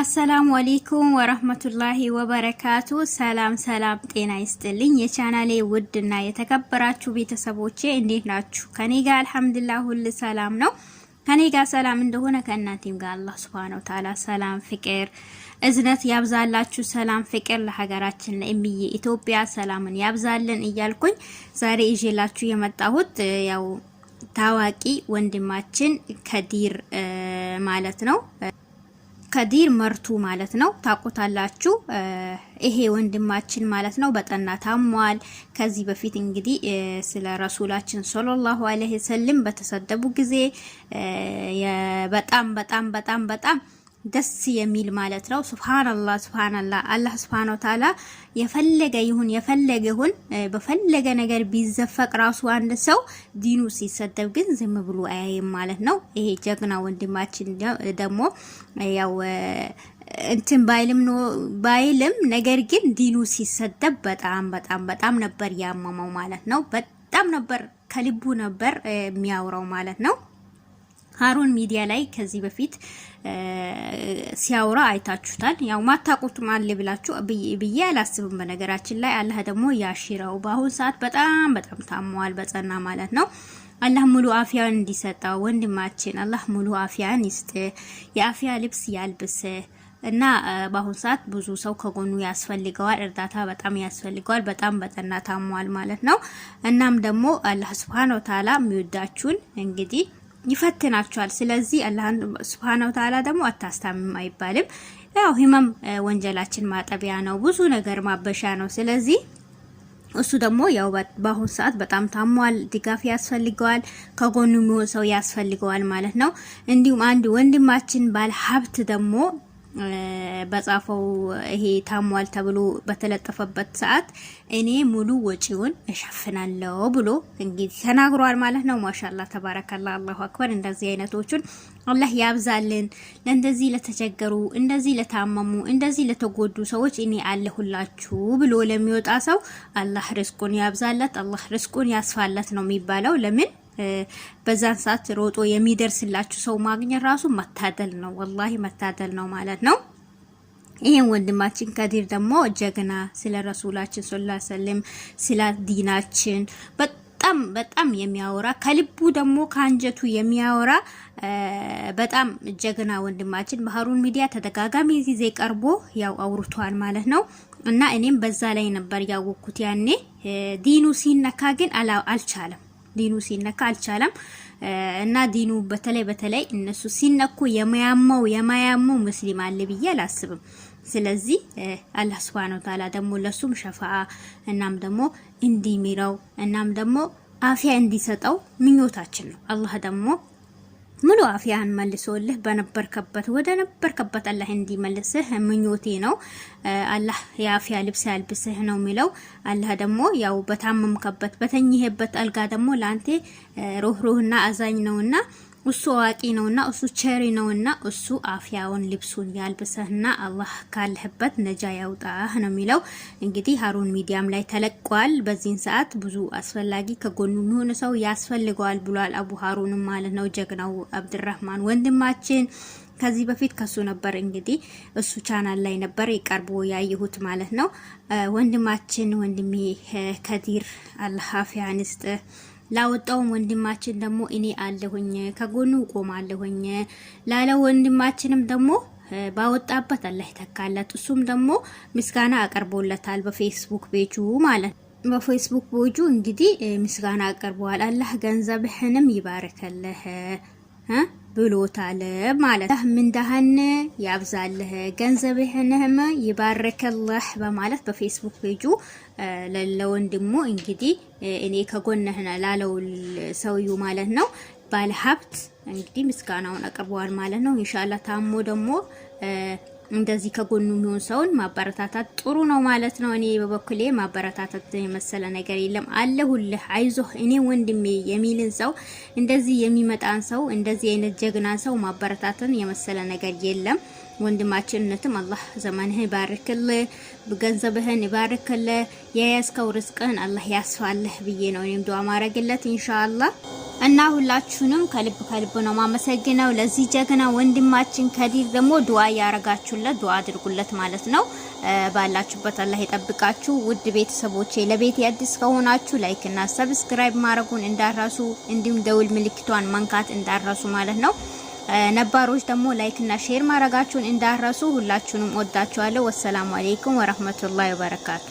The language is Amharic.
አሰላሙ አሌይኩም ወረህመቱላሂ ወበረካቱ። ሰላም ሰላም፣ ጤና ይስጥልኝ የቻናሌ ውድና የተከበራችሁ ቤተሰቦቼ እንዴት ናችሁ? ከኔ ጋር አልሐምዱሊላህ ሁል ሰላም ነው። ከኔ ጋር ሰላም እንደሆነ ከእናንቴም ጋር አላህ ሱብሃነሁ ወተዓላ ሰላም፣ ፍቅር፣ እዝነት ያብዛላችሁ። ሰላም ፍቅር ለሀገራችን ለእምዬ ኢትዮጵያ ሰላምን ያብዛልን እያልኩኝ ዛሬ ይዤላችሁ የመጣሁት ያው ታዋቂ ወንድማችን ከዲር ማለት ነው ከዲር መርቱ ማለት ነው። ታቆታላችሁ። ይሄ ወንድማችን ማለት ነው በጠና ታሟል። ከዚህ በፊት እንግዲህ ስለ ረሱላችን ሰለላሁ ዐለይሂ ወሰለም በተሰደቡ ጊዜ በጣም በጣም በጣም በጣም ደስ የሚል ማለት ነው። ሱብሃንአላህ ሱብሃንአላህ አላህ ሱብሃነ ወተዓላ የፈለገ ይሁን የፈለገ ይሁን በፈለገ ነገር ቢዘፈቅ ራሱ አንድ ሰው ዲኑ ሲሰደብ ግን ዝም ብሎ አያይም ማለት ነው። ይሄ ጀግና ወንድማችን ደግሞ ያው እንትን ባይልም ነው ባይልም ነገር ግን ዲኑ ሲሰደብ በጣም በጣም በጣም ነበር ያመመው ማለት ነው። በጣም ነበር ከልቡ ነበር የሚያወራው ማለት ነው። ሀሩን ሚዲያ ላይ ከዚህ በፊት ሲያወራ አይታችሁታል። ያው ማታቁትም አለ ብላችሁ ብዬ አላስብም። በነገራችን ላይ አላህ ደግሞ ያሽረው። በአሁን ሰዓት በጣም በጣም ታሟል፣ በጸና ማለት ነው። አላህ ሙሉ አፍያን እንዲሰጣ ወንድማችን አላህ ሙሉ አፍያን ይስጥ፣ የአፍያ ልብስ ያልብስ እና በአሁን ሰዓት ብዙ ሰው ከጎኑ ያስፈልገዋል፣ እርዳታ በጣም ያስፈልገዋል። በጣም በጠና ታሟል ማለት ነው። እናም ደግሞ አላህ ሱብሃነ ወተዓላ የሚወዳችሁን እንግዲህ ይፈትናቸዋል። ስለዚህ አላህ ሱብሃነሁ ወተዓላ ደግሞ አታስታምም አይባልም። ያው ህመም ወንጀላችን ማጠቢያ ነው፣ ብዙ ነገር ማበሻ ነው። ስለዚህ እሱ ደግሞ ያው በአሁኑ ሰዓት በጣም ታሟል። ድጋፍ ያስፈልገዋል፣ ከጎኑ የሚሆን ሰው ያስፈልገዋል ማለት ነው። እንዲሁም አንድ ወንድማችን ባለ ሀብት ደግሞ በጻፈው ይሄ ታሟል ተብሎ በተለጠፈበት ሰዓት እኔ ሙሉ ወጪውን እሸፍናለሁ ብሎ እንግዲህ ተናግሯል ማለት ነው። ማሻላ ተባረከላ፣ አላሁ አክበር። እንደዚህ አይነቶቹን አላህ ያብዛልን። ለእንደዚህ ለተቸገሩ፣ እንደዚህ ለታመሙ፣ እንደዚህ ለተጎዱ ሰዎች እኔ አለሁላችሁ ብሎ ለሚወጣ ሰው አላህ ርስቁን ያብዛለት፣ አላህ ርስቁን ያስፋለት ነው የሚባለው ለምን በዛን ሰዓት ሮጦ የሚደርስላችሁ ሰው ማግኘት ራሱ መታደል ነው፣ ወላሂ መታደል ነው ማለት ነው። ይሄን ወንድማችን ከዲር ደግሞ ጀግና ስለ ረሱላችን ሰለላሁ ሰለም ስለ ዲናችን በጣም በጣም የሚያወራ ከልቡ ደግሞ ከአንጀቱ የሚያወራ በጣም ጀግና ወንድማችን ባህሩን ሚዲያ ተደጋጋሚ ጊዜ ቀርቦ ያው አውርቷል ማለት ነው። እና እኔም በዛ ላይ ነበር ያወቅኩት ያኔ ዲኑ ሲነካ ግን አልቻለም። ዲኑ ሲነካ አልቻለም እና ዲኑ በተለይ በተለይ እነሱ ሲነኩ የማያመው የማያመው ሙስሊም አለ ብዬ አላስብም። ስለዚህ አላህ ሱብሃነሁ ወተዓላ ደግሞ ለሱም ሸፋአ እናም ደግሞ እንዲሚራው እናም ደግሞ አፊያ እንዲሰጠው ምኞታችን ነው። አላህ ደግሞ ሙሉ አፍያህን መልሶልህ በነበርከበት ወደ ነበርከበት አላህ እንዲመልስህ ምኞቴ ነው። አላህ የአፍያ ልብስ ያልብስህ ነው የሚለው አላህ ደግሞ ያው በታመምከበት በተኝሄበት አልጋ ደግሞ ለአንቴ ሩህሩህና አዛኝ ነውና እሱ አዋቂ ነውና እሱ ቸሪ ነውና እሱ አፍያውን ልብሱን ያልብሰህና አላህ ካለህበት ነጃ ያውጣህ ነው የሚለው። እንግዲህ ሀሩን ሚዲያም ላይ ተለቋል። በዚህን ሰዓት ብዙ አስፈላጊ ከጎኑ የሚሆን ሰው ያስፈልገዋል ብሏል። አቡ ሀሩንም ማለት ነው ጀግናው አብድራህማን ወንድማችን ከዚህ በፊት ከሱ ነበር እንግዲህ እሱ ቻናል ላይ ነበር የቀርቦ ያየሁት ማለት ነው። ወንድማችን ወንድሜ ከዲር አላህ አፍያን ይስጥ ላወጣውም ወንድማችን ደግሞ እኔ አለሁኝ ከጎኑ ቆማለሁኝ ላለው ወንድማችንም ደግሞ ባወጣበት አላህ ይተካለት። እሱም ደግሞ ምስጋና አቀርቦለታል በፌስቡክ ቤጁ ማለት ነው። በፌስቡክ ቤጁ እንግዲህ ምስጋና አቀርበዋል። አላህ ገንዘብህንም ይባርክልህ። ብሎታል ማለት ምንዳህን ያብዛልህ ገንዘብህንም ይባረከልህ በማለት በፌስቡክ ፔጁ ለወንድሙ እንግዲህ እኔ ከጎንህ ላለው ሰውዩ ማለት ነው ባለሀብት እንግዲህ ምስጋናውን አቅርበዋል ማለት ነው። ኢንሻአላህ ታሞ ደግሞ እንደዚህ ከጎኑ የሚሆን ሰውን ማበረታታት ጥሩ ነው ማለት ነው። እኔ በበኩሌ ማበረታታት የመሰለ ነገር የለም። አለሁልህ፣ አይዞህ፣ እኔ ወንድሜ የሚልን ሰው እንደዚህ የሚመጣን ሰው እንደዚህ አይነት ጀግናን ሰው ማበረታትን የመሰለ ነገር የለም። ወንድማችንነትም አላህ ዘመንህ ይባርክልህ፣ ገንዘብህን ይባርክልህ፣ የያዝከው ርስቅህን አላህ ያስፋልህ ብዬ ነው እኔም ዱዓ ማረግለት ኢንሻአላህ እና ሁላችሁንም ከልብ ከልብ ነው ማመሰግነው። ለዚህ ጀግና ወንድማችን ከዲር ደግሞ ዱዓ ያረጋችሁለት ዱዓ አድርጉለት ማለት ነው። ባላችሁበት አላህ ይጠብቃችሁ። ውድ ቤተሰቦቼ ለቤት አዲስ ከሆናችሁ ላይክ እና ሰብስክራይብ ማድረጉን እንዳረሱ፣ እንዲሁም ደውል ምልክቷን መንካት እንዳረሱ ማለት ነው። ነባሮች ደግሞ ላይክ እና ሼር ማድረጋችሁን እንዳረሱ። ሁላችሁንም ወዳችኋለሁ። ወሰላሙ አሌይኩም ወራህመቱላሂ ወበረካቱ